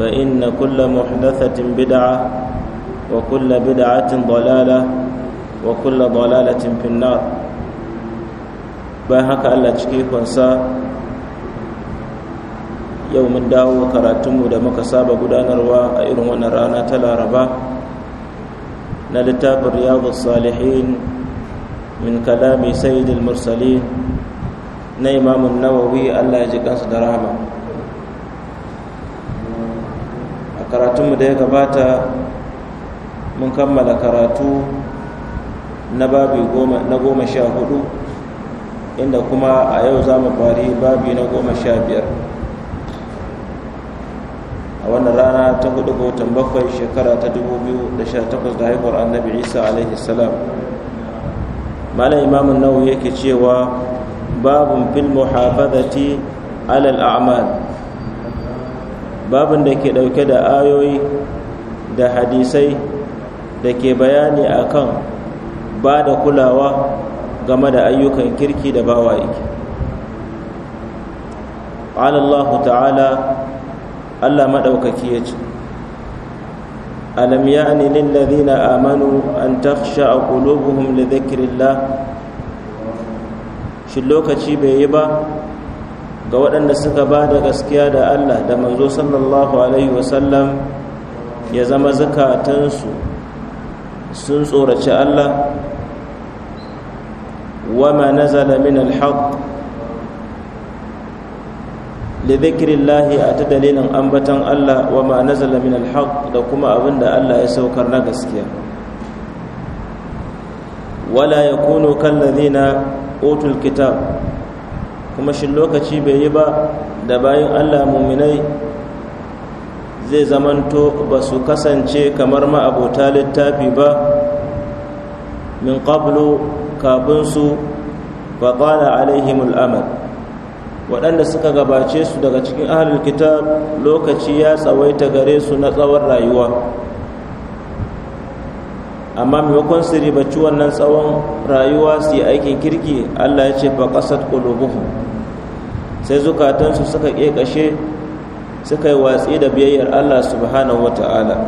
فإن كل محدثة بدعة وكل بدعة ضلالة وكل ضلالة في النار باهك ألا تشكيك ونسا يوم داو وكراتم ودمك سابا قدان روا أئرم ونرانا تلا ربا نلتاب رياض الصالحين من كلام سيد المرسلين na imamun nawawi allah ya ji kansu da rahama karatunmu da ya gabata mun kammala karatu na babi na goma sha hudu inda kuma a yau za mu fari babi na goma sha biyar a wannan rana ta hudu ga watan bakwai shekara ta dubu biyu da sha takwas da haihuwar annabi isa alaihi salam malam imamun nawawi yake cewa babun fil muhafazati alal a'mal babin da ke ɗauke da ayoyi da hadisai da ke bayani akan ba da kulawa game da ayyukan kirki da bawa yake ta'ala allah maɗaukaki ya ce alam ya'ni lillazina amanu an takhsha qulubuhum li dhikrillah shi lokaci bai yi ba ga waɗanda suka ba da gaskiya da Allah da manzo sallallahu alaihi wasallam ya zama zakatansu sun tsoraci Allah wama nazala min alhaq lidhikrillahi a ta dalilin ambatan Allah wama nazala min alhaq da kuma abin da Allah ya saukar na gaskiya wala ya yakunu kallazina utul kitab kuma shi lokaci bai yi ba da bayan allah muminai zai zamanto ba su kasance kamar ma'abota littafi ba min qablu kafin su kwana alaihimul amal waɗanda suka gabace su daga cikin ahlul kitab lokaci ya tsawaita gare su na tsawon rayuwa amma maimakon su ribaci wannan tsawon rayuwa su yi aikin kirki allah ya ce ba ƙasar ƙulubuhu sai zukatansu suka ƙeƙashe suka yi watsi da biyayyar Allah subhanahu wata'ala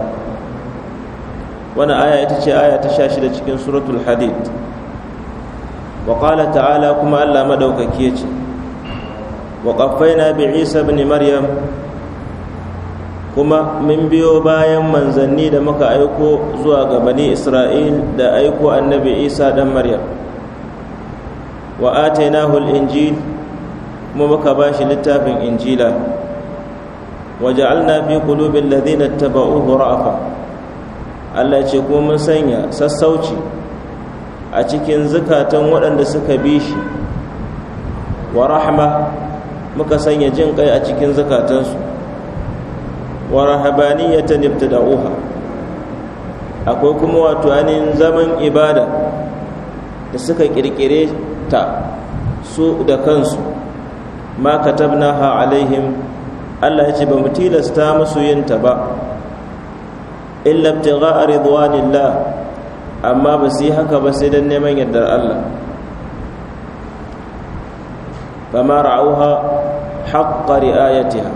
wani aya ita ce aya ta sha shida cikin suratul hadid wa ƙala ta'ala kuma Allah maɗaukaki ya ce wa na bi Isa bin Maryam kuma mun biyo bayan manzanni da muka aiko zuwa ga bani Isra'il da aiko annabi Isa dan Maryam wa atainahu al-injil kuma muka ba shi littafin injila waje fi kulubin ladina tabauhu ra'afa Allah ce ko mun sanya sassauci a cikin zukatan waɗanda suka bi shi wa rahma muka sanya jin kai a cikin zukatansu wa rahabaniyatan uha akwai kuma wato anin zaman ibada da suka kirkire ta su da kansu ma ha alaihim Allah ya ce ba mu tilasta musu yin ta ba illa ibtigha ridwanillah amma ba su yi haka ba sai dan neman yardar Allah fama ra'uha haqqa ri'ayatiha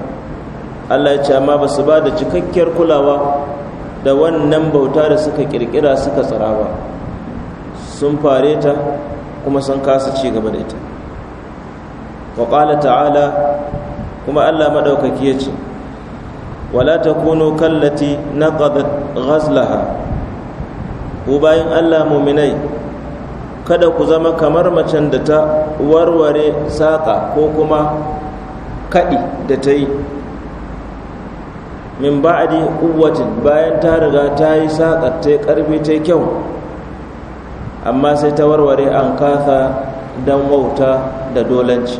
Allah ya ce amma ba su ba da cikakkiyar kulawa da wannan bauta da suka kirkira suka tsara ba sun fare ta kuma sun kasa ci gaba da ita wa ta'ala kuma allah maɗaukaki ya ce wala ta kuno kallati na ghazlaha ku bayan allah muminai kada ku zama kamar macen da ta warware saƙa ko kuma kaɗi da ta yi min di quwwatin bayan ta riga ta yi saƙa ta yi ƙarfi ta yi kyau amma sai ta warware an kasa don wauta da dolanci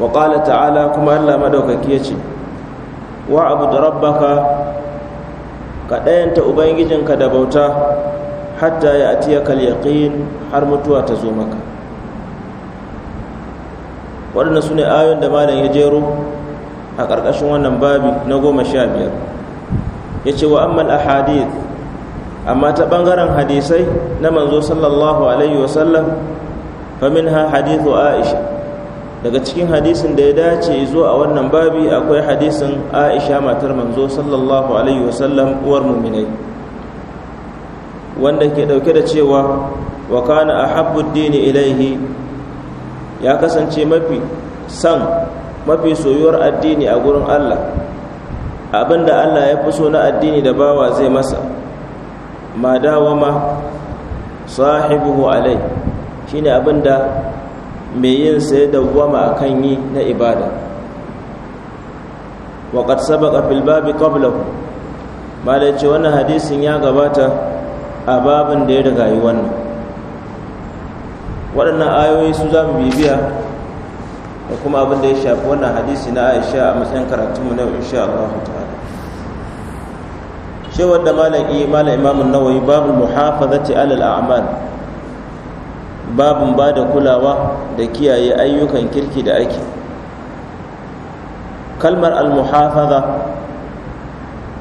wa ƙala ta'ala kuma Allah madaukaki ce. wa abu da rabbaka ka ɗayanta ubangijinka da bauta hatta ya atiya kalyaƙin har mutuwa ta zo maka waɗanda su ne ayon da malam ya jero a ƙarƙashin wannan babi na goma sha biyar ya ce wa a ahadith amma ta ɓangaren hadisai na manzo sallallahu alaihi wasallam fa ha hadithu aisha daga cikin hadisin da ya dace zo a wannan babi akwai hadisin aisha matar manzo sallallahu alaihi wasallam uwar muminai wanda ke dauke da cewa wa kana ahabbu dini ilaihi ya kasance mafi san mafi soyuwar addini a gurin Allah abinda Allah ya fi so na addini da bawa zai masa ma dawama sahibuhu alai shine abinda mai yin sai a kan yi na ibada wa qad sabaqa fil babi qablahu malai ce wannan hadisin ya gabata a babin da ya riga yi wannan waɗannan ayoyi su za mu bibiya da kuma abin da ya shafi wannan hadisi na Aisha a matsayin karatunmu na insha Allah ta'ala cewar da malam eh, imamun nawayi babu muhafazati alal a'mal babin ba da kulawa da kiyaye ayyukan kirki da ake kalmar almuhafaza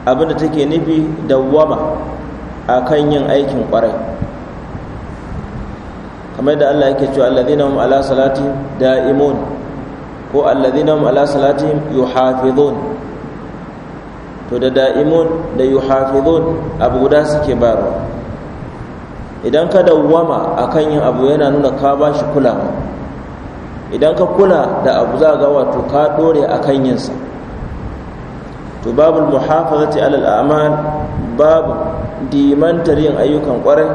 abinda take nufi dawwama a kan yin aikin kwarai kamar da Allah yake cewa allazina hum ala salatihim da'imun ko allazina hum ala salatihim yuhafizun to da da'imun da yuhafizun abu guda suke barwa idan ka dawwama kan yin abu yana nuna ka ba shi kulawa idan ka kula da abu za ga wato ka dore a akan yinsa to babul muhafazati alal a'mal babu dimantar yin ayyukan kwarai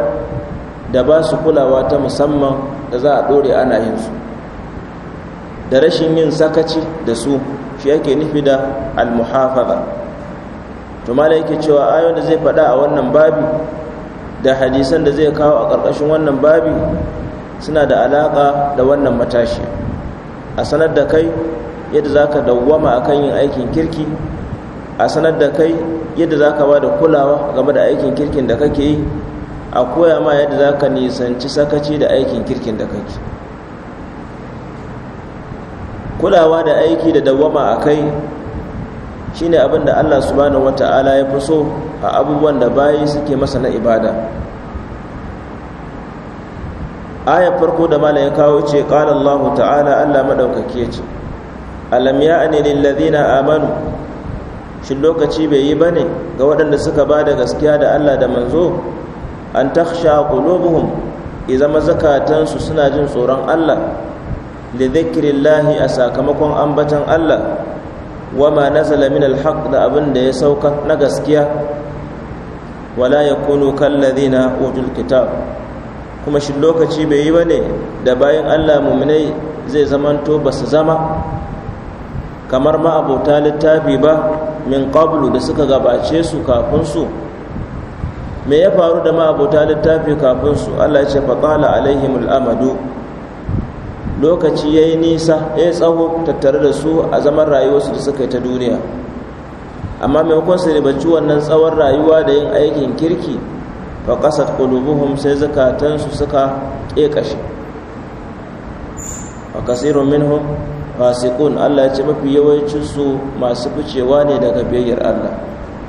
da ba su kulawa ta musamman da za a dore ana yin su da rashin yin sakaci da su shi yake nufi da al muhafaza to mala yake cewa ayon da zai faɗa a wannan babi da hadisan da zai kawo a ƙarƙashin wannan babi suna da alaƙa da wannan matashi a sanar da kai yadda za ka dawwama a kan yin aikin kirki a sanar da kai yadda za ka ba da kulawa game da aikin kirkin da kake yi a koya ma yadda za ka nisanci sakaci da aikin kirkin da kake kulawa da aiki da dawwama a kai shine abin da Allah subhanahu wata'ala ya fi so a abubuwan da bayi suke masa na ibada ayar farko da mala ya kawo ce qala Allah ta'ala Allah maɗaukaki ya ce alam ya'ni ladina amanu shin lokaci bai yi ba ne, ga waɗanda suka ba da gaskiya da Allah da manzo an takhsha qulubuhum idan zakatansu suna jin tsoron Allah li dhikrillahi a sakamakon ambatan Allah wama nazala min alhaq da abin da ya sauka na gaskiya wala yakunu kalladhina utul kitab kuma shi lokaci bai yi bane da bayan Allah mu'minai zai zamanto ba su zama kamar ma abota littafi ba min qablu da suka gabace su kafin su me ya faru da ma abota littafi kafin su Allah ya ce faqala alaihimul amadu lokaci ya yi nisa ya tsawo tattare da su a zaman rayuwarsu da suka yi ta duniya amma maimakon su ribaci wannan tsawon rayuwa da yin aikin kirki fa kasat qulubuhum sai zakatansu suka kekashe a kasirun minhum fasiqun Allah ya ce mafi yawancin su masu ficewa ne daga biyayyar Allah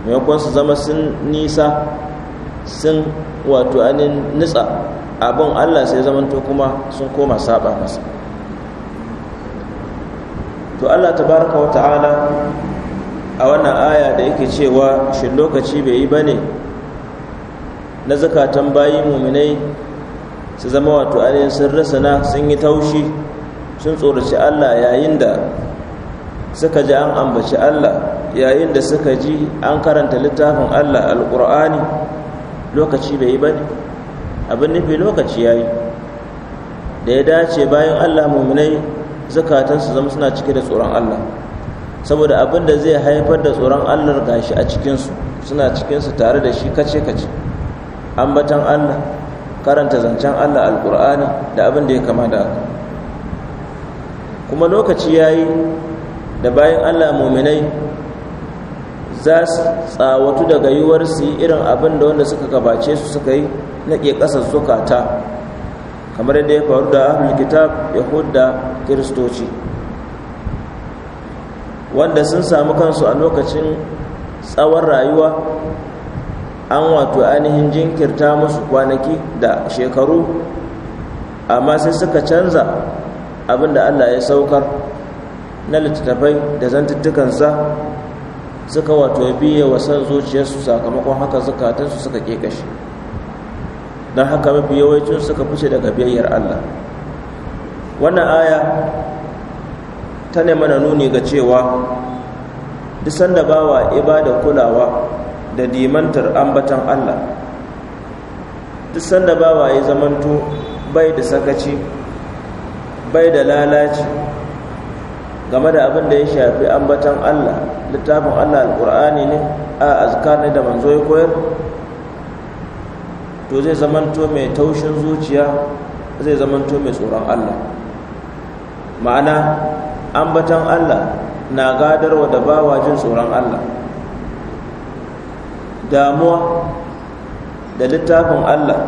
maimakon su zama sun nisa sun wato anin nitsa abin allah sai zamanto kuma sun koma saba masa to allah tabaraka wa ta'ala a wannan aya da yake cewa shi lokaci bai yi ba ne na zakatan bayi muminai su zama wato ainihin sun rasana sun yi taushi sun tsoraci allah yayin da suka ji an ambaci allah yayin da suka ji an karanta littafin allah alƙur'ani lokaci bai yi ba ne abin nufi lokaci ya yi da ya dace bayan allah muminai zukatansu zama suna cike da tsoron allah saboda abin da zai haifar da tsoron allah gashi a cikinsu suna cikinsu tare da shi kace kace ambatan allah karanta zancen allah alkur'ani da abin da ya kama da aka. kuma lokaci ya yi da bayan allah muminai za su tsawatu daga yiwuwar su yi irin abin da wanda suka gabace su suka yi na ke ƙasar zukata kamar yadda ya faru da ahlul kitab da kiristoci wanda sun samu kansu a lokacin tsawon rayuwa an wato ainihin jinkirta musu kwanaki da shekaru amma sai suka canza abin da allah ya saukar na littattafai da zantuttukansa suka wato ya biye wa san zuciyarsu sakamakon haka zukatansu suka kekashi don haka mafi yawancin suka fice daga biyayyar Allah wannan aya ta mana nuni ga cewa duk sanda bawa ibada kulawa da dimantar ambatan Allah duk sanda bawa ya zamanto bai da sakaci bai da lalaci game da abin da ya shafi ambatan Allah littafin Allah Alƙur'ani ne a azkar ne da manzo ya koyar to zai zamanto mai taushin zuciya zai zamanto mai tsoron Allah ma'ana ambatan Allah na gadarwa da bawa jin tsoron Allah damuwa da littafin Allah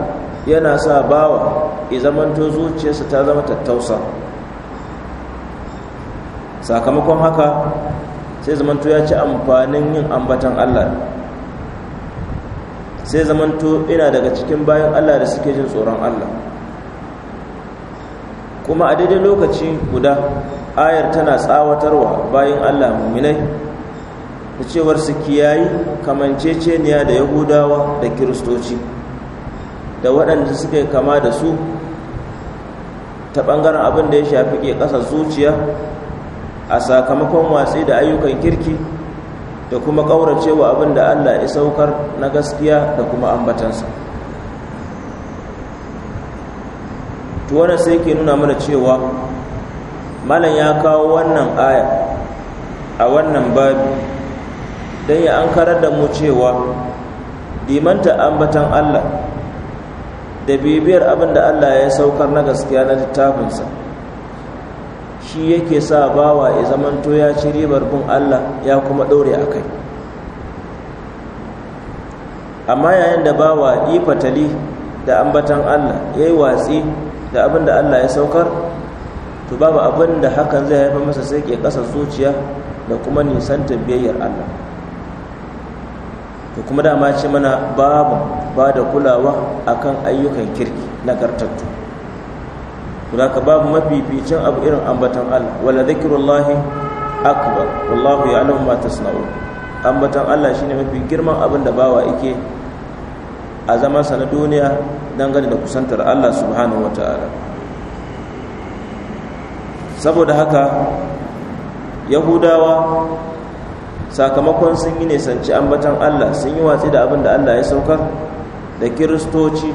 yana sa bawa ya zamanto zuciyarsa ta zama tattausa sakamakon haka sai zamanto ya ci amfanin yin ambatan Allah sai zamanto ina daga cikin bayan Allah da suke jin tsoron Allah kuma a daidai lokaci guda ayar tana tsawatarwa bayan Allah muminai da cewar su kiyayi kamanceceniya da yahudawa da kiristoci da waɗanda suka kama da su ta ɓangaren abin da ya shafi ke ƙasa zuciya a sakamakon watsi da ayyukan kirki da kuma wa abin da Allah ya saukar na gaskiya da kuma ambatansa tuwana sai ke nuna mana cewa malam ya kawo wannan aya a wannan babi don ya an karar da mu cewa dimanta ambatan Allah da bibiyar abin da Allah ya saukar na gaskiya na littafinsa shi yake sa bawa ya zamanto ya ci ribar bin Allah ya kuma ɗore a kai amma yayin da bawa yi fatali da ambatan Allah ya yi watsi da abin da Allah ya saukar to babu abin da hakan zai haifar masa sai ke ƙasa zuciya da kuma nisan biyayyar Allah to kuma dama ce mana babu ba da kulawa akan ayyukan kirki nagartattu ka babu mafificin abu irin ambatan Allah wala zikrullahi akbar wallahu ya'lamu ma tasna'un ambatan Allah shine mafi girman abin da bawa yake a zaman sa na duniya dangane da kusantar Allah subhanahu wata'ala saboda haka yahudawa sakamakon sun yi nisanci ambatan Allah sun yi watsi da abin da Allah ya saukar da kiristoci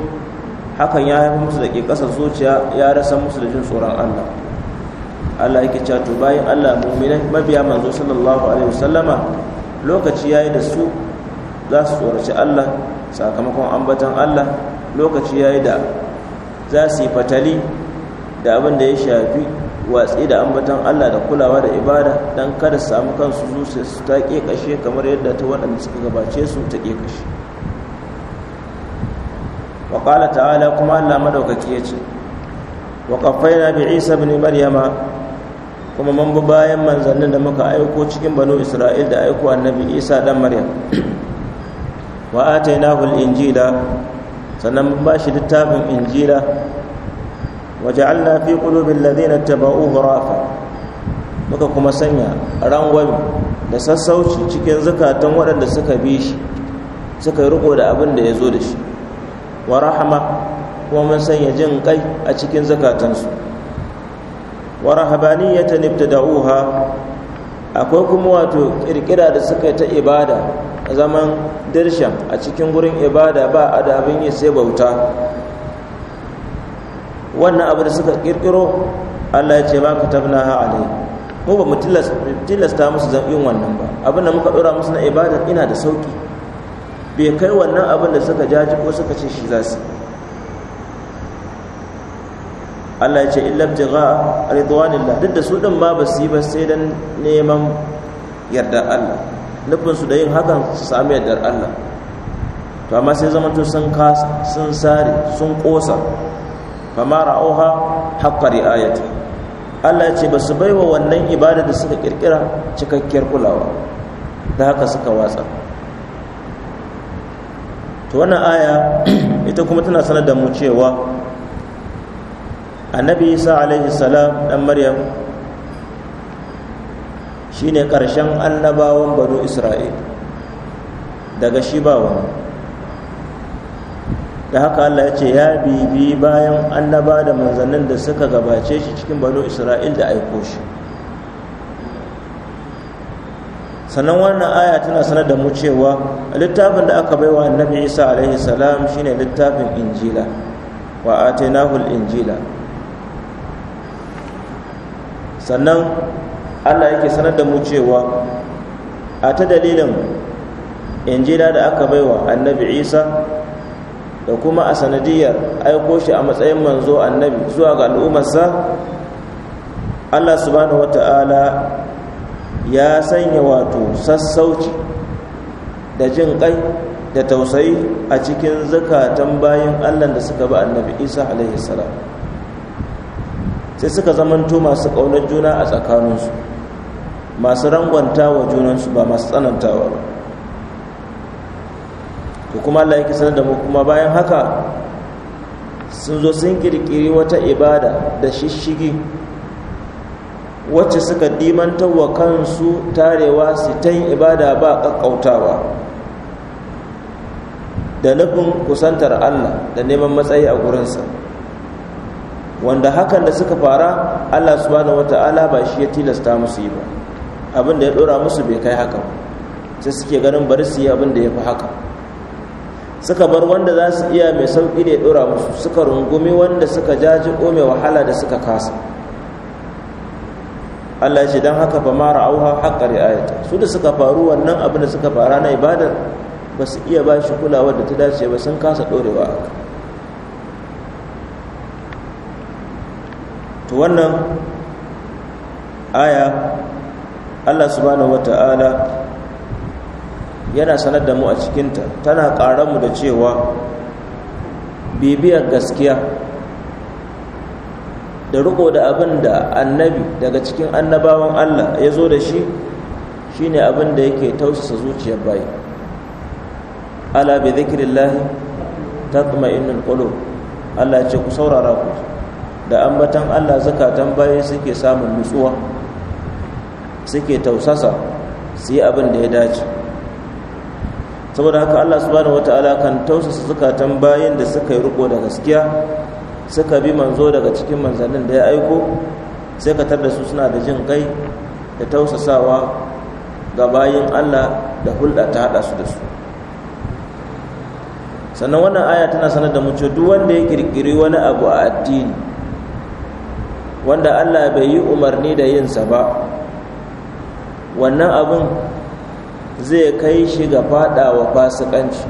hakan ya haifar musu da ke ƙasar zuciya ya rasa musu da jin tsoron Allah Allah yake cewa to bayan Allah mu'minai mabiya manzo sallallahu alaihi wasallama lokaci ya yi da su za su tsoraci Allah sakamakon ambatan Allah lokaci ya yi da za su yi fatali da abin da ya shafi watsi da ambatan Allah da kulawa da ibada don kada su samu kansu zuciya su ta kashe kamar yadda ta waɗanda suka gabace su ta kashe. wa ƙala ta'ala kuma Allah madaukaki ce. wa qaffayna bi Isa bin Maryama kuma mun bi bayan manzannin da muka aiko cikin banu Isra'il da aiko annabi Isa dan Maryam wa atainahu hul injila sannan mun shi littafin injila wa ja'alna fi qulubi alladhina tabauhu rafa muka kuma sanya rangwami da sassauci cikin zukatan waɗanda suka bi shi suka yi riko da abin da ya zo da shi wa rahama kuma mun sanya jin kai a cikin zakatansu wa rahabaniyatan ibtada'uha akwai kuma wato kirkira da suka ta ibada zaman dirshan a cikin gurin ibada ba a da abin yi sai bauta wannan abu da suka kirkiro Allah ya ce ba ka tabna ha alai mu ba mu tilasta musu zan yin wannan ba abin da muka dora musu na ibada ina da sauki bai kai wannan abin da suka jaji ko suka ce shi za su Allah ya ce illa ibtigha ridwanillah duk da su din ma ba su yi ba sai dan neman yarda Allah nufin da yin hakan su sami yardar Allah to amma sai zama to sun kasa sun sare sun kosa ma ra'uha haqqa ri'ayati Allah ya ce ba su baiwa wannan ibada da suka kirkira cikakkiyar kulawa da haka suka watsa to wannan aya ita kuma tana sanar da mu cewa annabi isa alaihi salam dan maryam shine karshen annabawan banu isra'il daga shi ba da haka allah ya ce ya bibi bayan annaba da manzannin da suka gabace shi cikin banu isra'il da aiko shi sannan wannan aya tana sanar da mu cewa littafin da aka baiwa annabi isa alaihi salam shine littafin injila wa atainahu injila sannan allah yake sanar da mu cewa a ta dalilin injila da aka baiwa annabi isa da kuma a sanadiyar aiko shi a matsayin manzo annabi zuwa ga al'ummarsa allah subhanahu ta'ala ya sanya wato sassauci da jin kai da tausayi a cikin zukatan bayan allah da suka bi annabi isa alaihi salam sai suka zamanto masu ƙaunar juna a tsakaninsu masu rangwanta wa junansu ba masu tsanantawa ba to kuma allah ya sanar da mu kuma bayan haka sun zo sun kirkiri wata ibada da shishigi wacce suka dimantar wa kansu tarewa su ta ibada ba ƙaƙƙautawa da nufin kusantar allah da neman matsayi a gurinsa wanda hakan da suka fara allah subhanahu wata'ala ba shi ya tilasta musu yi ba abin ya ɗora musu bai kai haka sai suke ganin bari su yi abin da ya fi haka suka bar wanda za su iya mai sauƙi da ya ɗora musu suka rungumi wanda suka jaji mai wahala da suka kasa Allah ya ce dan haka fa ma ra'auha haqqa ri'ayata su da suka faru wannan abin da suka fara na ibada ba su iya ba shi kulawa da ta dace ba sun kasa dorewa to wannan aya Allah subhanahu wata'ala yana sanar da mu a cikinta tana ƙara mu da cewa bibiyar gaskiya da riko da abin da annabi daga cikin annabawan Allah ya zo da shi shi ne abin da yake tausasa zuciyar bayi ala bi zikrillahi tatma'innul qulub Allah ya ce ku saurara ku da ambatan Allah zakatan bayi suke samun nutsuwa suke tausasa su yi abin da ya dace saboda haka Allah subhanahu wataala kan tausasa zakatan bayin da suka yi riko da gaskiya suka bi manzo daga cikin manzannin da ya aiko sai ka da su suna da jin kai da tausasawa ga bayin Allah da hulɗa ta haɗa su da su sannan wannan aya tana sanar da mu cewa duk wanda ya kirkiri wani abu a addini wanda Allah bai yi umarni da yinsa ba wannan abun zai kai shi ga faɗawa fasikanci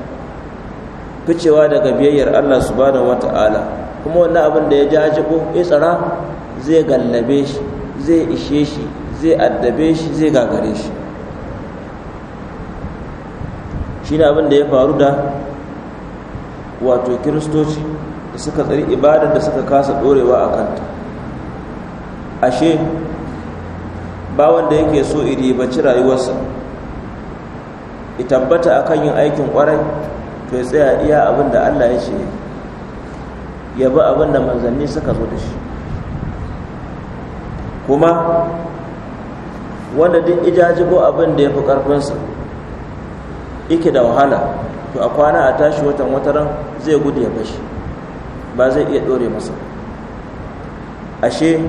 ficewa daga biyayyar Allah subhanahu wata'ala kuma wannan abin da ya ji ko, ya tsara zai gallabe shi zai ishe shi zai addabe shi zai gagare shi shi ne abin da ya faru da wato kiristoci da suka tsari ibadar da suka kasa ɗorewa a kanta ashe ba wanda yake so iribaci rayuwarsa ya tabbata akan yin aikin kwarai to ya tsaya iya abin da allah ya ce ya bi abin da manzanni suka zo da shi kuma wanda duk ijajibo abin abinda ya fi ƙarfinsa ike da wahala to a kwana a tashi watan wataran zai gudu ya bashi ba zai iya ɗore masa ashe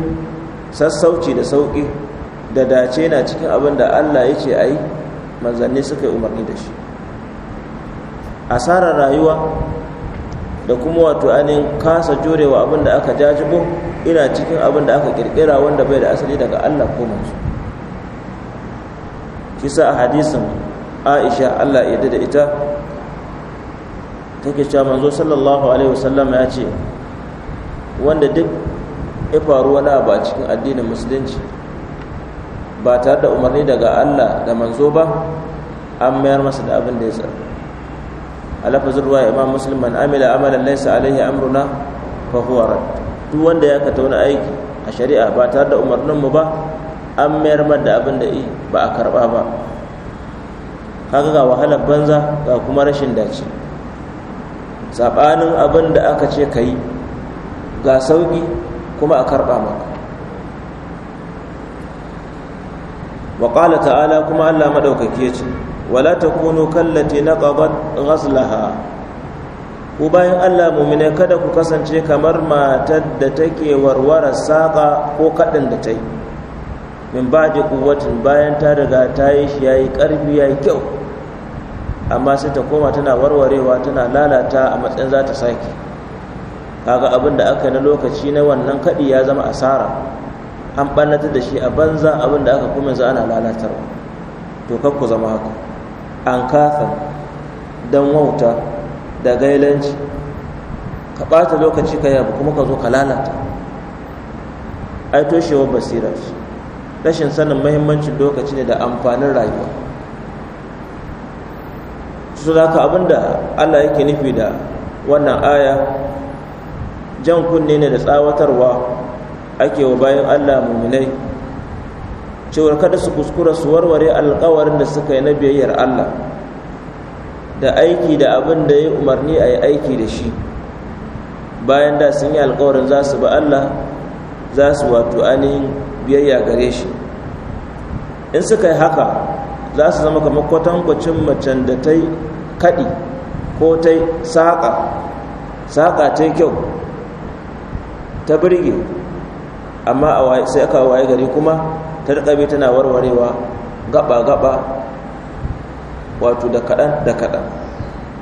sassauci da sauƙi da dace na cikin abinda allah ya ce a yi manzanni suka yi umarni da shi asarar rayuwa da kuma wato ainihin kasa jurewa abinda da aka jajibo ina cikin abinda aka kirkira wanda bai da asali daga Allah ko manzo kisa a hadisin Aisha Allah ya da ita take cewa manzo sallallahu alaihi wasallam ya ce wanda duk ya faru wani abu a cikin addinin musulunci ba tare da umarni daga Allah da manzo ba an mayar masa da abin da ya tsara a lafazin ruwa imam muslim man amila amalan laysa alaihi amruna fa huwa rad duk wanda ya kata wani aiki a shari'a ba tare da umarnin mu ba an mayar da abin da ba a karba ba kaga ga wahalar banza ga kuma rashin dace sabanin abin da aka ce kai ga sauki kuma a karba maka wa ta'ala kuma Allah maɗaukaki ya ce wala ta takunu kallati ƙabar ghazlaha ku bayan Allah mu'mine kada ku kasance kamar matar da take warware saƙa ko kaɗin da ta yi min ba da kuwatin bayan ta riga ta yi shi ya yi ƙarfi ya yi kyau amma sai ta koma tana warwarewa tana lalata a matsayin za ta sake kaga abin da aka yi na lokaci na wannan kaɗi ya zama asara an ɓannata da shi a banza abin da aka kuma yanzu ana lalatarwa to kakku zama haka an kafa don wauta da gailanci ka ɓata lokaci ka yabu kuma ka zo ka lalata ai toshewar basira rashin sanin mahimmancin lokaci ne da amfanin rayuwa su za ka abinda allah yake nufi da wannan aya jan kunne ne da tsawatarwa ake wa bayan allah muminai cewar kada su kuskura su warware alkawarin da suka yi na biyayyar Allah da aiki da abin da ya umarni a yi aiki da shi bayan da sun yi alkawarin za su ba Allah za su wato ainihin biyayya gare shi in suka yi haka za su zama kamar kwatankwacin macen da ta yi kaɗi ko ta yi saƙa saƙa ta yi kyau ta birge amma sai aka waye gari kuma ta riƙa tana warwarewa gaba-gaba wato da kaɗan da kaɗan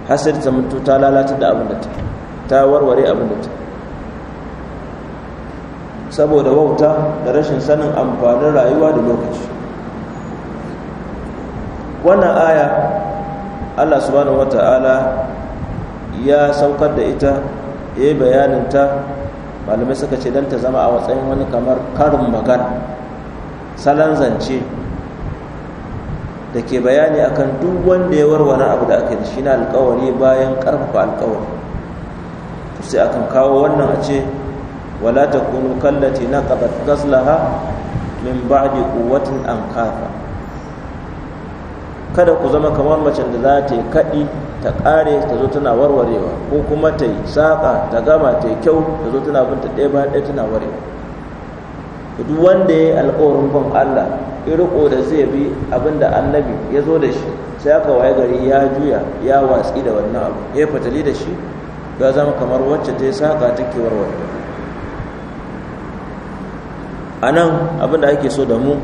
hasir zamanto ta lalata da abin da ta ta warware abin da ta saboda wauta da rashin sanin amfanin rayuwa da lokaci wannan aya allah subhanahu wata'ala ya saukar da ita ya yi bayaninta malamai suka ce don ta zama a matsayin wani kamar karin magana salon zance da ke bayani akan duk wanda ya warware abu da aka yi shi na alkawari bayan karfafa alkawari sai akan kawo wannan a ce wala kunu kallati naqadat gazlaha min ba'di an kafa kada ku zama kamar macen da za ta yi kaɗi ta ƙare ta zo tana warwarewa ko kuma ta yi saƙa ta gama ta yi kyau ta zo tana binta ɗaya bayan ɗaya tana warewa duk wanda ya yi alkawarin bin Allah ya riko da zai bi abin da annabi ya zo da shi sai aka waye gari ya juya ya watsi da wannan abu ya fatali da shi ya zama kamar wacce ta yi saƙa take warware a nan abin da ake so da mu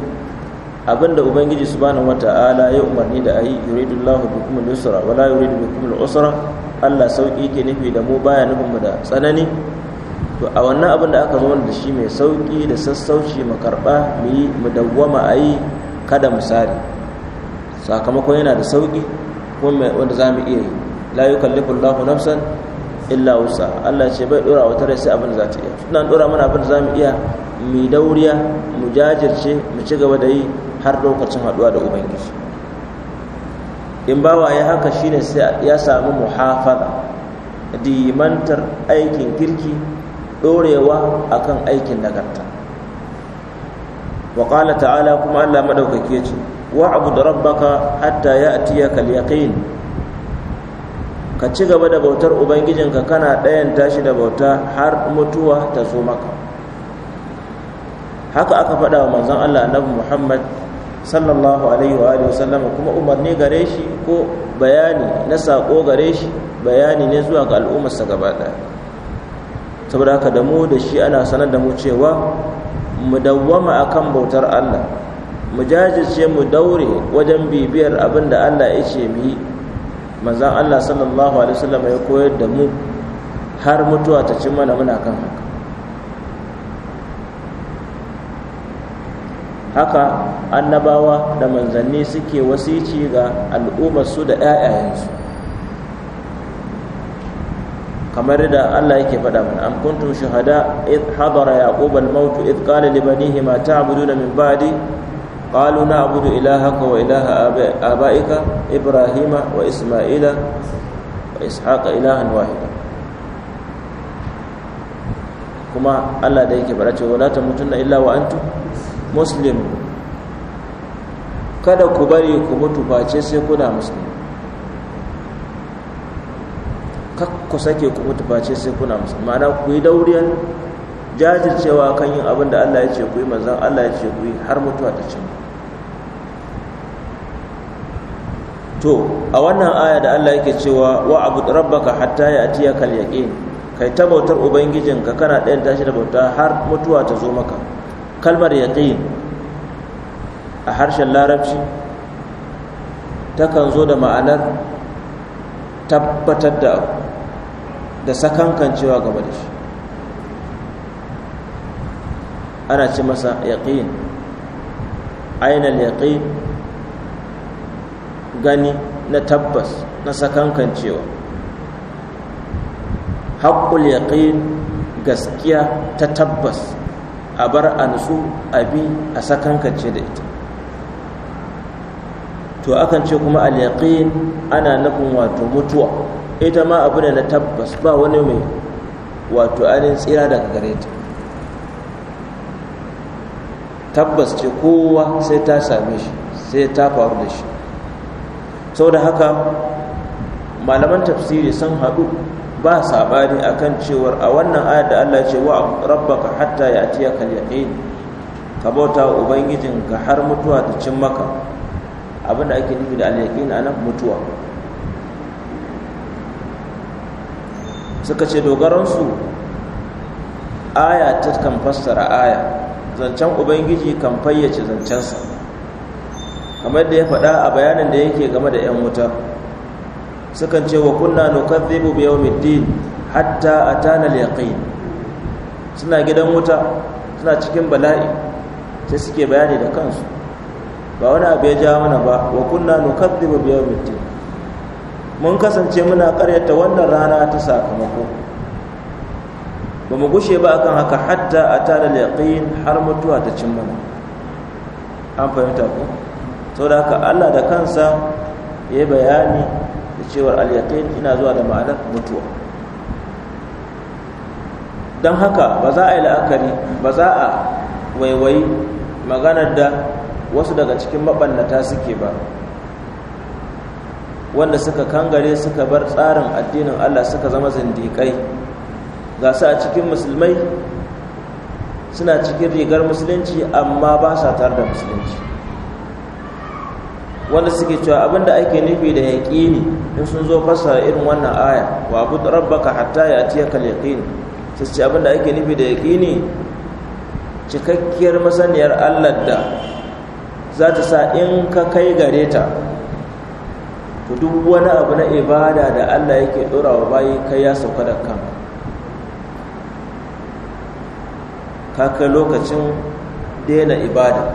abin da ubangiji su bani wata'ala ya umarni da ayi yuridullahu bi kuma lusura wala yuridu bi kuma usra Allah sauki ke nufi da mu baya nufin mu da tsanani to a wannan abin da aka zo da shi mai sauki da sassauci mu karɓa mu yi mu dawwama a yi kada mu sare sakamakon yana da sauki kuma wanda za mu iya yi la yukallifu lafi nafsan illa wusa Allah ce bai dora wata rai sai abin da za ta iya suna dora mana abin da za mu iya mu dauriya mu jajirce mu ci gaba da yi har lokacin haduwa da ubangiji in bawa ya haka shine sai ya samu muhafaza dimantar aikin kirki ɗorewa akan aikin nagarta wa ta'ala kuma Allah madaukake ce wa rabbaka hatta ya'tiyaka al-yaqin ka ci gaba da bautar ubangijinka kana ɗayan tashi da bauta har mutuwa ta zo maka haka aka faɗa wa manzon Allah annabi Muhammad sallallahu alaihi wa alihi kuma umarni gare shi ko bayani na sako gare shi bayani ne zuwa ga al'ummarsa gaba ɗaya saboda haka da mu da shi ana sanar da mu cewa mu dawwama akan bautar Allah mu jajirce mu daure wajen bibiyar abin da Allah ya ce mu yi manzon Allah sallallahu alaihi wasallam ya koyar da mu har mutuwa ta ci mana muna kan haka haka annabawa da manzanni suke wasici ga al'ummarsu da 'ya'yayensu kamar da Allah yake faɗa mana am kuntum shuhada id hadara yaqub al maut id qala li banihi ma ta'buduna min ba'di qalu na'budu ilahaka wa ilaha abaika ibrahima wa isma'ila wa ishaqa ilahan wahida kuma Allah da yake faɗa cewa la tamutunna illa wa antum muslimun kada ku bari ku mutu face sai kuna musulmi ku sake ku mutu face sai kuna musu ma'ana ku yi dauriyar jajircewa kan yin abin da Allah ya ce ku yi manzan Allah ya ce ku yi har mutuwa ta cin to a wannan aya da Allah yake cewa wa abu rabbaka hatta ya atiya kal yaqin kai ta bautar ka kana ɗayan tashi da bauta har mutuwa ta zo maka kalmar yaqin a harshen larabci takan zo da ma'anar tabbatar da abu da sakankancewa gaba da shi ana ce masa yaqin ainihin yaqin gani na tabbas na sakankancewa haƙul yaqin gaskiya ta tabbas a bar a nutsu a bi a sakankance da ita to akan ce kuma al yaqin ana nufin wato mutuwa ita ma abu ne na tabbas ba wani mai wato ainihin tsira daga gare ta tabbas ce kowa sai ta same shi sai ta faru da shi sau da haka malaman tafsiri sun haɗu ba saɓani kan cewar a wannan ayar da Allah ce wa rabbaka hatta ya atiya kal yaqin ka bauta wa ga har mutuwa ta cin maka abinda ake nufi da al yaqin anan mutuwa suka ce dogaransu aya ta kan fassara aya zancen ubangiji kan fayyace zancensa kamar da ya faɗa a bayanin da yake game da 'yan wuta sukan ce wa kunna nukazzibu bi yawmiddin hatta atana al-yaqin suna gidan wuta suna cikin bala'i sai suke bayani da kansu ba wani abu ya ja mana ba wa kunna nukazzibu bi yawmiddin mun kasance muna karyata wannan rana ta sakamako ba mu gushe ba akan haka hatta a tare da yaƙin har mutuwa ta cin mana an fahimta ko sau da haka allah da kansa ya yi bayani da cewar alyaƙin ina zuwa da ma'anar mutuwa don haka ba za a yi la'akari ba za a waiwayi maganar da wasu daga cikin maɓannata suke ba wanda suka kangare suka bar tsarin addinin Allah suka zama zindikai ga su a cikin musulmai suna cikin rigar musulunci amma ba sa tare da musulunci wanda suke cewa abinda ake nufi da yaƙini in sun zo fassara irin wannan aya wa abu rabbaka hatta ya tiya kal sai ce abinda ake nufi da yaƙini cikakkiyar masaniyar Allah da za ta sa in ka kai gareta. to duk wani abu na ibada da Allah yake dora wa bayi kai ya sauka da kan ka kai lokacin daina ibada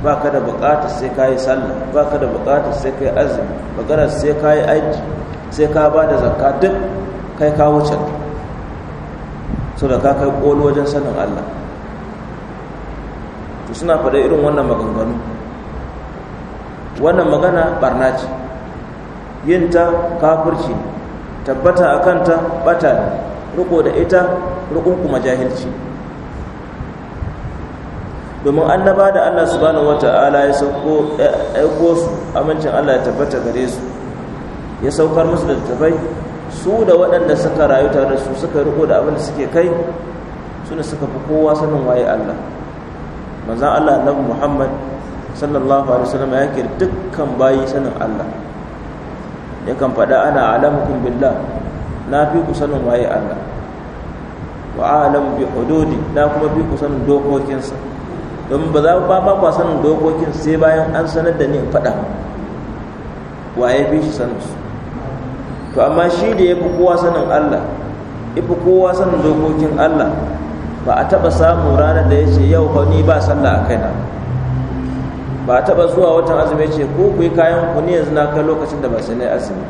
ba ka da bukatar sai ka yi sallah ba ka da bukatar sai ka yi azumi magana sai ka yi aiki sai ka ba da zakka duk kai ka wuce so da ka kai ƙolo wajen sanin Allah to suna faɗa irin wannan maganganu wannan magana barna ce yin ta kafirci tabbata a kanta bata riko da ita rukun kuma jahilci domin annaba da Allah subhanahu ya sauko aiko su amincin Allah ya tabbata gare su ya saukar musu da tafai su da waɗanda suka rayu tare su suka riko da abin da suke kai su ne suka fi kowa sanin waye Allah manzan Allah annabi Muhammad sallallahu alaihi wasallam ya ke dukkan bayi sanin Allah kan faɗa ana alamukun billah na fi ku sanin waye Allah wa alam bi hududi na kuma fi ku sanin dokokinsa domin ba za ba ba ku sanin dokokin sai bayan an sanar da ni in faɗa waye fi shi sanin su to amma shi da ya fi kowa sanin Allah ya fi kowa sanin dokokin Allah ba a taɓa samun ranar da ya ce yau ba ni ba sallah a kaina ba taɓa zuwa watan azumi ce ko ku yi kayan ku ne yanzu na kai lokacin da ba sai azumi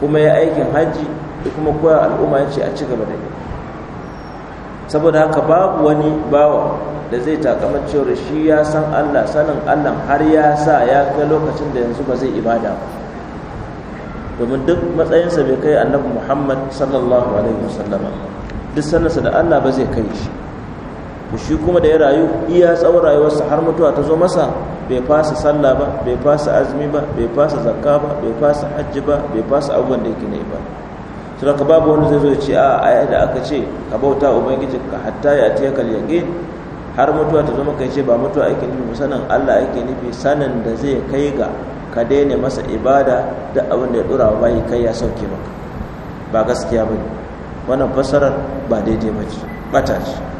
kuma ya aikin hajji da kuma koya al'umma ya ce a ci gaba da ni saboda haka babu wani bawa da zai takama cewar shi ya san Allah sanin Allah har ya sa ya kai lokacin da yanzu ba zai ibada ba domin duk matsayinsa bai kai annabi Muhammad sallallahu alaihi wasallama duk sanarsa da Allah ba zai kai shi bushi shi kuma da ya rayu iya tsawon rayuwarsa har mutuwa ta zo masa bai fasa sallah ba bai fasa azumi ba bai fasa zakka ba bai fasa hajji ba bai fasa abubuwan da yake nai ba sai ka babu wanda zai zo ya ce a aya da aka ce ka bauta ubangiji ka hatta ya ta yakal yaqin har mutuwa ta zo maka ce ba mutuwa ake nufi sanin Allah ake nufi sanan da zai kai ga ka daina masa ibada da abin da ya dura wa bayi kai ya sauke maka ba gaskiya bane wannan fassarar ba daidai ba ce bata ce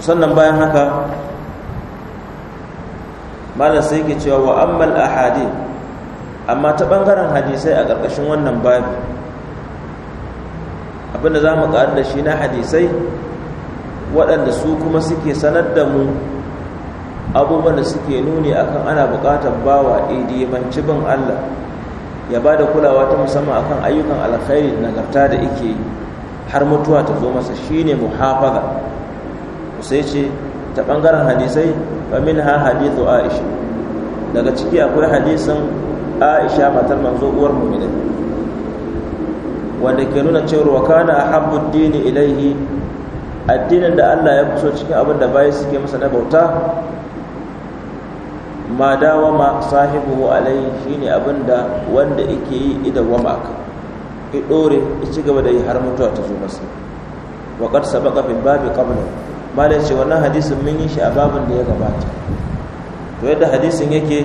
sannan bayan haka malam sai ke cewa wa ammal ahadi amma ta bangaren hadisai a ƙarƙashin wannan babu abinda za mu ƙaru da shi na hadisai waɗanda su kuma suke sanar da mu abubuwan da suke nuni akan ana buƙatar bawa idimanci bin Allah ya ba da kulawa ta musamman akan ayyukan alkhairi nagarta da ike yi har mutuwa ta zo masa shine muhafaza sai ce ta bangaren hadisai min ha hadithu aisha daga ciki akwai hadisin aisha matar manzo uwar mu'minin wanda ke nuna cewa wa kana ahabbu dini ilaihi addinin da Allah ya kuso cikin abin da bayi suke masa na bauta ma ma sahibu alai shine abin da wanda yake yi idan wa maka. ki dore ci gaba da yi har mutuwa ta zo masa wa sabaqa min babi qablahu bada ce wannan hadisin mun yi shi a babin da ya gabata to yadda hadisin yake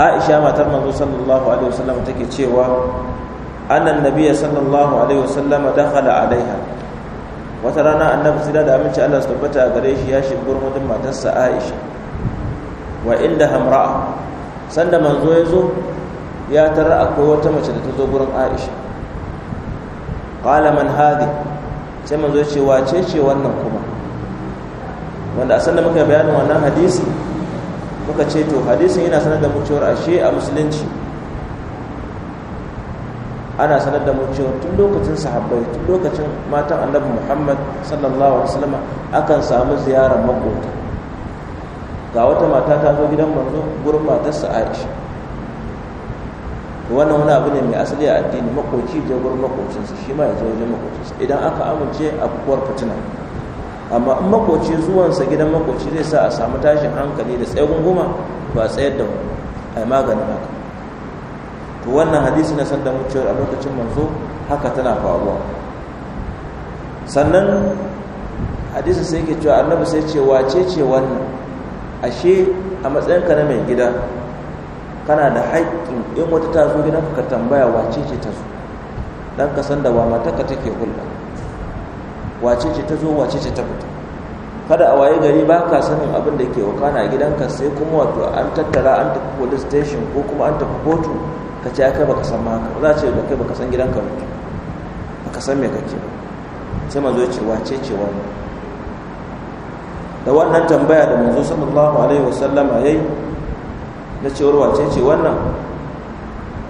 aisha matar manzo sallallahu alaihi wasallam take cewa annan nabiyya sallallahu alaihi wasallam dakhala alaiha wata rana annabi sira da aminci Allah su tabbata a gare shi ya shigar mutum matarsa Aisha wa inda hamra'a sanda manzo ya zo ya tara akwai wata mace da ta zo gurin Aisha qala man sai manzo ce wace ce wannan kuma wanda a sanda muka bayanin wannan hadisi muka ce to hadisin yana sanar da mu ashe a musulunci ana sanar da mu cewa tun lokacin sahabbai tun lokacin matan annabi muhammad sallallahu alaihi wasallam akan samu ziyarar makota ga wata mata ta zo gidan manzo gurin matarsa aisha wannan wani abu ne mai asali a addini makoci je gurin makocinsa shi ma ya zo wajen makocinsa idan aka amince a kuwar fitina amma in makoci zuwansa gidan makoci zai sa a samu tashin hankali da tsaye gunguma ba a tsayar da wani a maganin haka to wannan hadisi na sanda mu a lokacin manzo haka tana faruwa sannan hadisi sai ke cewa annabi sai ce wace ce wannan ashe a matsayinka na mai gida kana da haƙƙin in wata ta zo gidanka ka tambaya wace ce ta zo dan ka san da ba matarka take hulɗa wace ce ta zo wace ce ta fita kada a waye gari ba ka sanin abin da ke wuka a gidanka sai kuma wato an tattara an tafi police station ko kuma an tafi kotu ka ce kai baka san maka za ce da kai baka san gidanka ba baka san me kake ba sai mazo ce wace ce wani da wannan tambaya da manzo sallallahu alaihi wasallama yayi na cewar wace ce wannan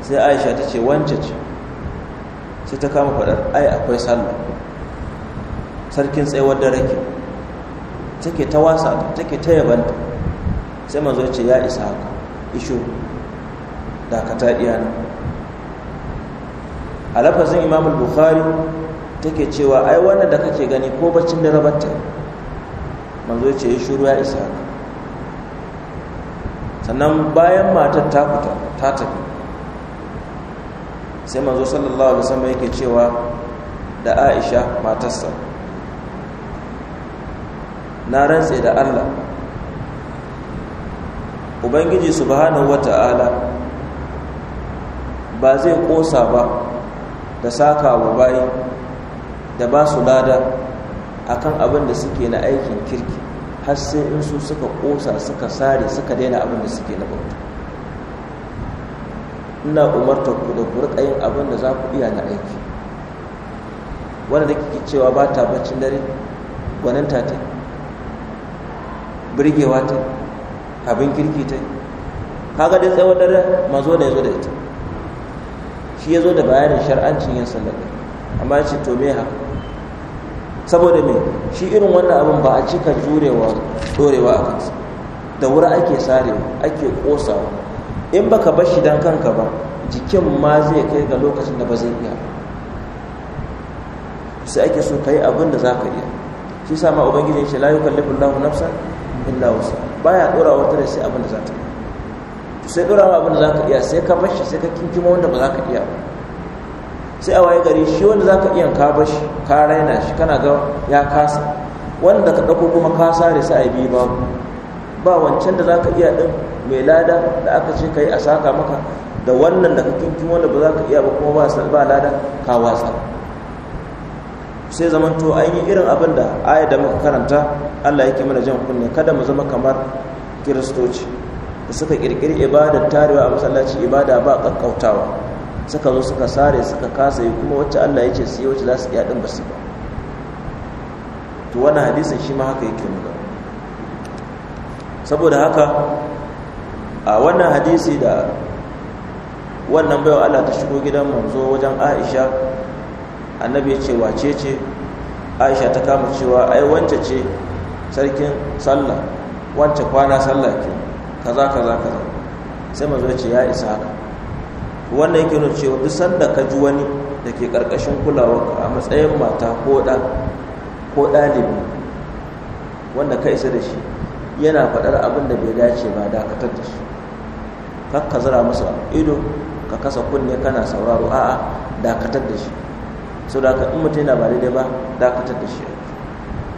sai aisha ta ce wance ce sai ta kama faɗar ai akwai sallah sarkin tsayawar da rake take ta wasa ta take ta yabanta sai mazo ce ya isa haka isho dakata iyana a lafazin imam bukhari take cewa ai wannan da kake gani ko baccin da rabatta mazo ce ya shuru ya isa haka sannan bayan matar ta fita ta tafi sai manzo sallallahu alaihi wasallam yake cewa da Aisha matarsa na rantse da Allah ubangiji subhanahu wata'ala ba zai kosa ba da saka wa bayi da ba su lada akan abin da suke na aikin kirki har sai in su suka kosa suka sare suka daina abin da suke na bauta ina umarta ku da ku riƙa yin abin da za ku iya na aiki wanda da kike cewa ba ta baccin dare gwaninta ta birgewa ta abin kirki ta kaga dai tsawon dare mazo da ya zo da ita shi ya zo da bayanin shar'ancin yin sallar amma ya ce to me haka saboda me shi irin wannan abin ba a cika jurewa dorewa a kansa da wuri ake sarewa ake kosawa in ba ka bashi don kanka ba jikin ma zai kai ga lokacin da ba zai iya sai ake so ka yi abin da za ka iya shi sa ma ubangiji shi la yukallifu lahu nafsan illa wusa baya dora wata da sai abin da za ta iya sai dora abin da za ka iya sai ka bashi sai ka kinkima wanda ba za ka iya ba sai a waye gari shi wanda zaka iya ka shi ka raina shi kana ga ya kasa wanda ka dauko kuma ka sare sa a bi ba wancan da zaka iya din mai lada da aka ce ka yi a saka maka da wannan da ka kin wanda ba zaka iya ba kuma ba ba lada ka wasa sai zamanto an yi irin abin da aya da muka karanta Allah yake mana jan kunne kada mu zama kamar kiristoci da suka kirkiri ibadar tarewa a masallaci ibada ba kakkautawa suka zo suka sare suka kasa yi kuma wacce Allah ya ce su yi wacce za su iya ba su ba to wani hadisin shi ma haka yake nuna saboda haka a wannan hadisi da wannan baiwa Allah ta shigo gidan manzo wajen Aisha annabi ya ce wace ce Aisha ta kama cewa ai wance ce sarkin sallah wance kwana sallah ke kaza kaza kaza sai manzo ya ce ya isa haka wannan yake nuna cewa duk sanda ka ji wani da ke karkashin kulawarka a matsayin mata ko ɗa ko ɗalibi wanda ka isa da shi yana faɗar abin da bai dace ba dakatar da shi kar ka zira masa ido ka kasa kunne kana sauraro a'a dakatar da shi sau da in mutum yana ba daidai ba dakatar da shi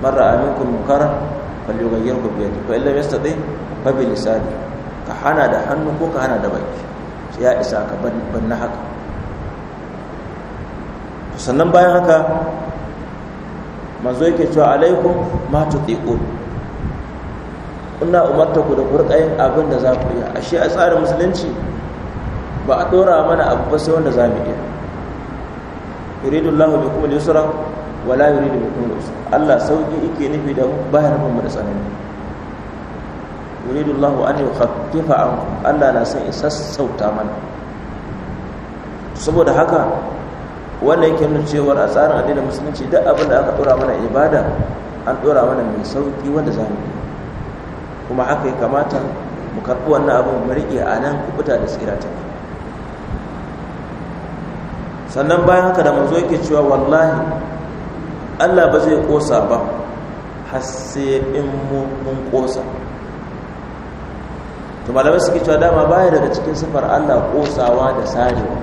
marar aminku munkara falyugayyar ku biyar fa illam yastati fa bi lisani ka hana da hannu ko ka hana da baki ya isa ka banna na haka sannan bayan haka manzo yake cewa alaikum ma tutiqun ina umarta ku da kurkayin abin da za ku iya ashe a tsarin musulunci ba a dora mana abu ba sai wanda za mu iya yuridu Allahu bikum al-yusra wa la yuridu bikum al-usra Allah sauki yake nufi da bayar mu da tsanani yuridu Allah an yukhaffifa an Allah na son isassauta mana saboda haka wannan yake nuna cewa a tsarin addinin musulunci duk abin da aka dora mana ibada an dora mana mai sauki wanda za mu kuma haka ya kamata mu karɓi wannan abin mu riƙe a nan kubuta da tsira ta sannan bayan haka da manzo yake cewa wallahi Allah ba zai kosa ba har sai in mun kosa to malamai suke cewa dama baya daga cikin sifar Allah kosawa da sarewa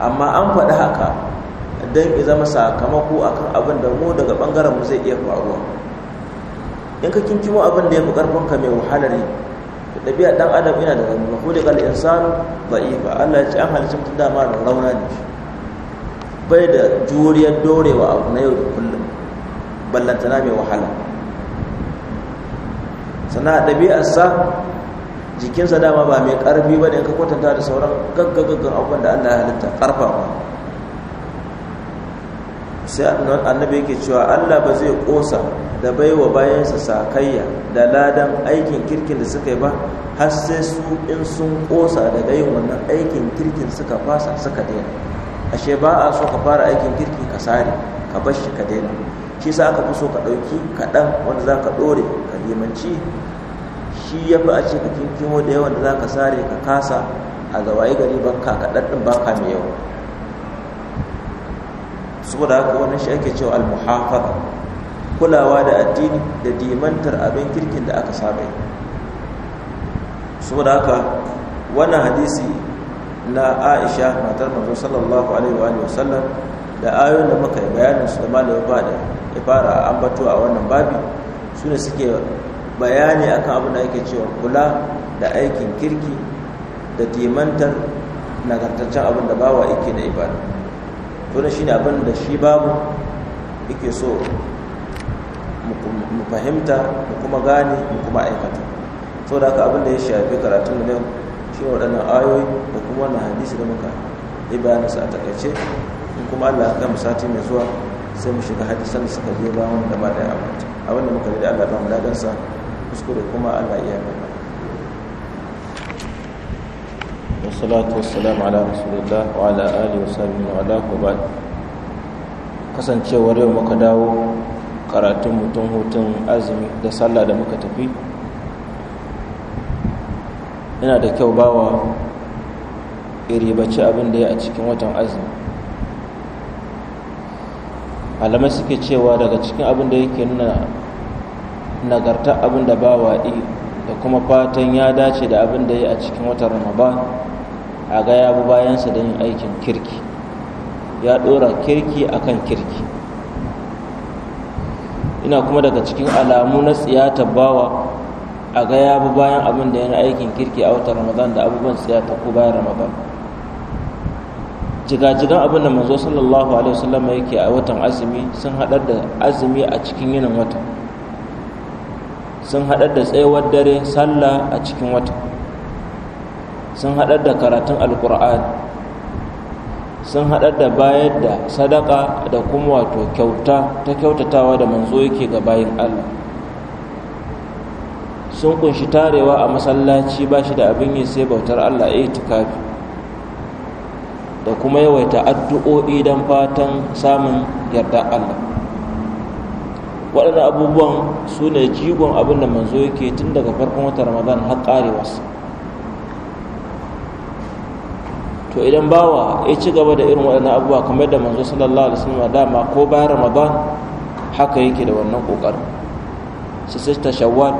amma an faɗi haka don ya zama sakamako a kan abin da mu daga bangaren mu zai iya faruwa in ka kinkimo abin da ya fi ƙarfinka mai wahalar yi ɗabi'a ɗan adam yana da rauni ko da kal ba da'ifa Allah ya ce an halicci mutum dama da rauna ne bai da juriyar dorewa abu na yau da kullum ballantana mai wahala sana ɗabi'arsa jikinsa dama ba mai karfi ba ne ka kwatanta da sauran gaggagaggan abubuwan da allah ya halitta karfafa sai annabi yake cewa allah ba zai kosa da baiwa bayansa sakayya da ladan aikin kirkin da suka yi ba har sai su in sun kosa daga yin wannan aikin kirkin suka fasa suka daina ashe ba a so ka fara aikin kirki ka sare ka bar shi ka daina shi sa aka fi so ka ɗauki kaɗan wanda za ka ɗore ka limanci shi ya fi a ce ka kinkimo da yawan da za ka sare ka kasa a gawaye gari ka kaɗaɗɗin ka mai yawa saboda haka wannan shi ake cewa almuhafaza kulawa da addini da dimantar abin kirkin da aka saba yi saboda haka wannan hadisi na aisha matar manzo sallallahu alaihi wa sallam da ayoyin da muka yi bayanin su da malamin ba da ya fara ambato a wannan babi su ne suke bayani akan abin da ake cewa kula da aikin kirki da timantar nagartaccen abin da bawa yake na ibada shi ne abin da shi babu yake so mu fahimta mu kuma gane mu kuma aikata so da haka abin da ya shafi karatun da ne shi waɗannan ayoyi da kuma wannan hadisi da muka yi bayanin sa a takaice in kuma Allah ka mu sati mai zuwa sai mu shiga hadisan da suka biyo bayan da ba da ya abinda muka yi da Allah ba mu dagansa kuskure kuma ana iya nuna wasalatu wasalamu ala rasulillah wa ala alihi wa sahbihi wa ala kubat kasancewar yau muka dawo karatun mutum hutun azumi da sallah da muka tafi yana da kyau bawa iribaci abin da ya a cikin watan azumi alamai suke cewa daga cikin abin da yake nuna nagarta abin da ba yi da kuma fatan ya dace da abin da ya a cikin watan ramadan a ga ya bi bayansa da yin aikin kirki ya ɗora kirki akan kirki ina kuma daga cikin alamu na tsiyata bawa a ga ya bi bayan abin da yin aikin kirki a watan ramadan da abubuwan tsiyata ko bayan ramadan jigajigan abin da manzo sallallahu alaihi wasallam yake a watan azumi sun haɗar da azumi a cikin yinin watan sun haɗar da tsayuwar dare sallah a cikin wata sun haɗar da karatun alkur'ani sun haɗar da bayar da sadaka da kuma wato kyauta ta kyautatawa da manzo yake ga bayin allah sun kunshi tarewa a masallaci ba shi da abin yi sai bautar allah a tukafi da kuma yawaita addu'o'i don fatan samun yarda allah waɗannan abubuwan su ne jigon abin da manzo yake tun daga farkon wata ramadan har ƙarewarsa to idan bawa ya ci gaba da irin waɗannan abubuwa kamar da manzo sallallahu alaihi wasallam dama ko bayan ramadan haka yake da wannan ƙoƙarin su sita shawwal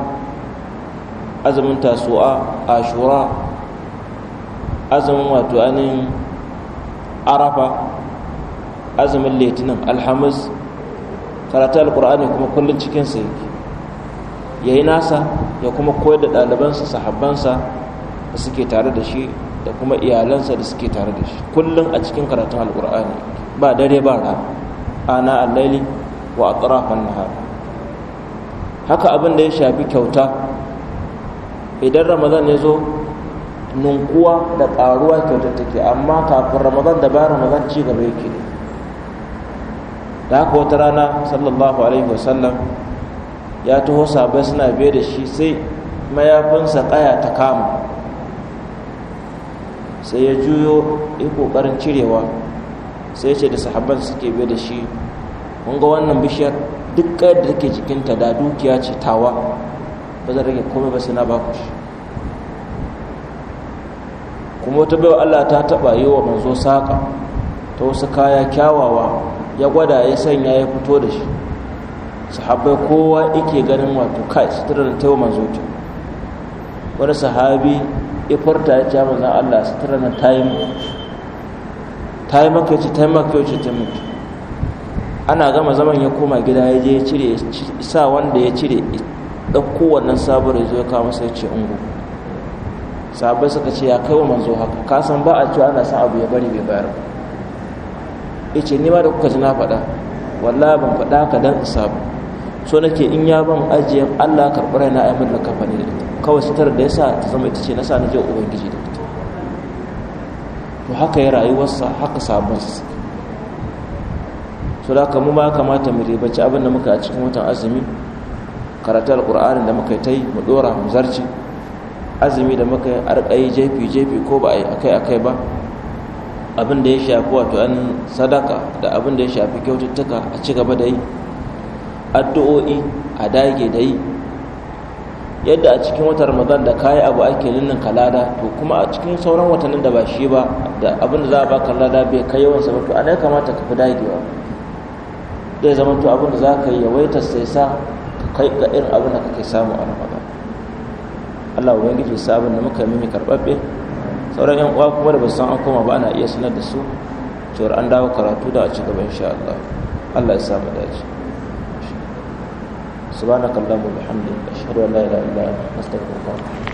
azumin tasu'a ashura azumin wato anin arafa azumin litinin alhamis karatu alkur'ani kuma kullum cikinsa yake ya yi nasa ya kuma koyar da ɗalibansa sahabbansa da suke tare da shi da kuma iyalansa da suke tare da shi kullum a cikin karatun alkur'ani ba dare ba ra ana allaili wa atrafan nahar haka abin da ya shafi kyauta idan ramadan ya zo ninkuwa da ƙaruwa kyauta take amma kafin ramadan da bayan ramadan ci gaba yake ne da haka wata rana sallallahu alaihi wasallam ya taho sabai suna biye da shi sai mayafinsa kaya ta kama sai ya juyo ya kokarin cirewa sai ce da sahabban suke biye da shi ga wannan bishiyar duk da take jikinta da dukiya ce tawa ba zan rage komai ba sai na baku shi kuma wata baiwa Allah ta taba yi wa manzo saƙa ta wasu kaya kyawawa ya gwada ya sanya ya fito da shi sahabbai kowa yake ganin wato kai sutura da taiwa manzo wani sahabi ya furta ya ce manzon Allah sutura na taimaka ce taimaka yi maka yace ta mutu ana gama zaman ya koma gida ya je ya cire ya sa wanda ya cire ɗauko wannan sabuwar ya zo ya kawo masa ya ce ungu sahabbai suka ce ya kai wa manzo haka kasan ba a cewa ana sa abu ya bari bai bayar ba ya ce nima da kuka ji na faɗa walla ban faɗa ka dan isa ba so nake in ya ban ajiyar allah karɓar yana ayyamar da kamfani da ita kawai sitar da yasa ta zama ita ce na sa na je ubangiji da ita to haka ya rayuwarsa haka sabonsa so da mu ma kamata mu ribaci abin da muka a cikin watan azumi karatar alƙur'anin da muka ta yi mu ɗora mu zarci azumi da muka yi a jefi jefi ko ba a yi akai akai ba abin da ya shafi wato an sadaka da abin da ya shafi kyaututtuka a ci gaba da yi addu'o'i a dage da yi yadda a cikin watan ramadan da kayi abu ake linnin kalada to kuma a cikin sauran watannin da ba shi ba da abin da za a baka lada bai kai yawan sa to ana ya kamata ka fi dagewa zai zama to abin da za ka yi waita sai sa ka kai ga irin abin da kake samu a ramadan Allah ubangiji sabon da muka yi mini karɓaɓɓe sauran yan uwa kuma da ba san an koma ba ana iya sanar da su cewar an dawo karatu da a ci gaba insha Allah Allah ya sa mu dace subhanakallahumma wa bihamdika ashhadu an la ilaha illa anta astaghfiruka wa atubu